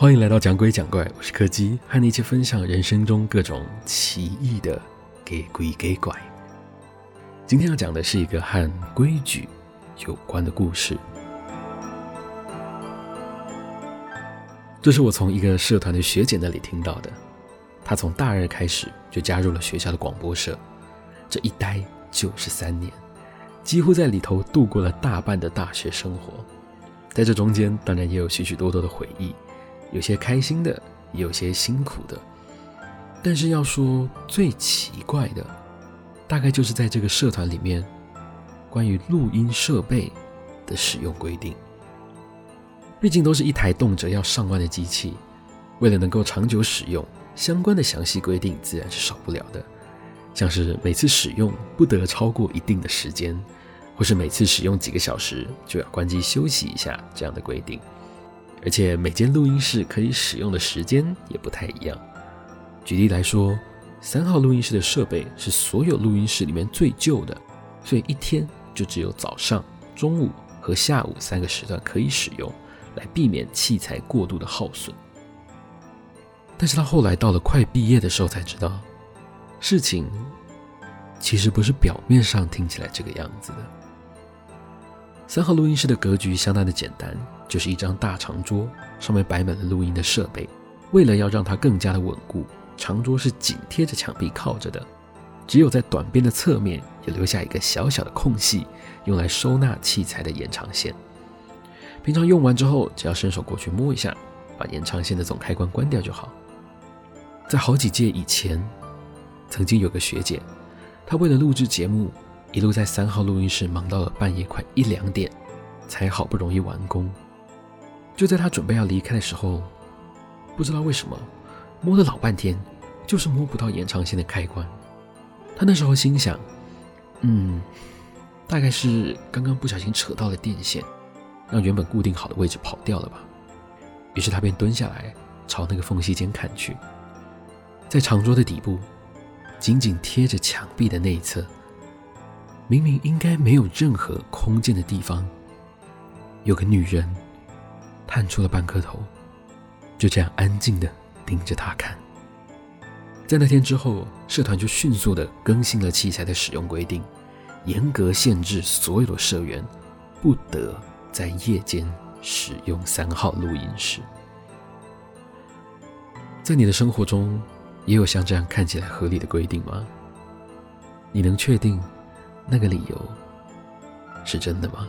歡迎來到講鬼講怪，我是柯基，和你一起分享人生中各種奇異的給鬼給怪。今天要講的是一個和規矩有關的故事。這是我從一個社團的學姐那裡聽到的，她從大二開始就加入了學校的廣播社，這一待就是三年，幾乎在裡頭度過了大半的大學生活。在這中間，當然也有許許多多的回憶。有些開心的，有些辛苦的，但是要說最奇怪的，大概就是在這個社團裡面，關於錄音設備的使用規定。畢竟都是一台動輒要上萬的機器，為了能夠長久使用，相關的詳細規定自然是少不了的，像是每次使用不得超過一定的時間，或是每次使用幾個小時，就要關機休息一下這樣的規定。而且每間錄音室可以使用的時間也不太一樣。舉例來說，三號錄音室的設備是所有錄音室裡面最舊的，所以一天就只有早上、中午和下午三個時段可以使用，來避免器材過度的耗損。但是他後來到了快畢業的時候才知道，事情其實不是表面上聽起來這個樣子的。三號錄音室的格局相當的簡單。就是一張大長桌，上面擺滿了錄音的設備。為了要讓它更加的穩固，長桌是緊貼着牆壁靠着的，只有在短邊的側面，也留下一個小小的空隙，用來收納器材的延長線。平常用完之後，只要伸手過去摸一下，把延長線的總開關關掉就好。在好幾屆以前，曾經有個學姐，她為了錄制節目，一路在三號錄音室忙到了半夜快一兩點，才好不容易完工。就在他準備要離開的時候，不知道為什麼，摸了老半天，就是摸不到延長線的開關。他那時候心想：“嗯，大概是剛剛不小心扯到了電線，讓原本固定好的位置跑掉了吧。”於是他便蹲下來，朝那個縫隙間看去，在長桌的底部，緊緊貼着牆壁的那一側，明明應該沒有任何空間的地方，有個女人。探出了半顆頭，就這樣安靜地盯着他看。在那天之後，社團就迅速地更新了器材的使用規定，嚴格限制所有的社員不得在夜間使用三號錄音室。在你的生活中，也有像這樣看起來合理的規定嗎？你能確定那個理由是真的嗎？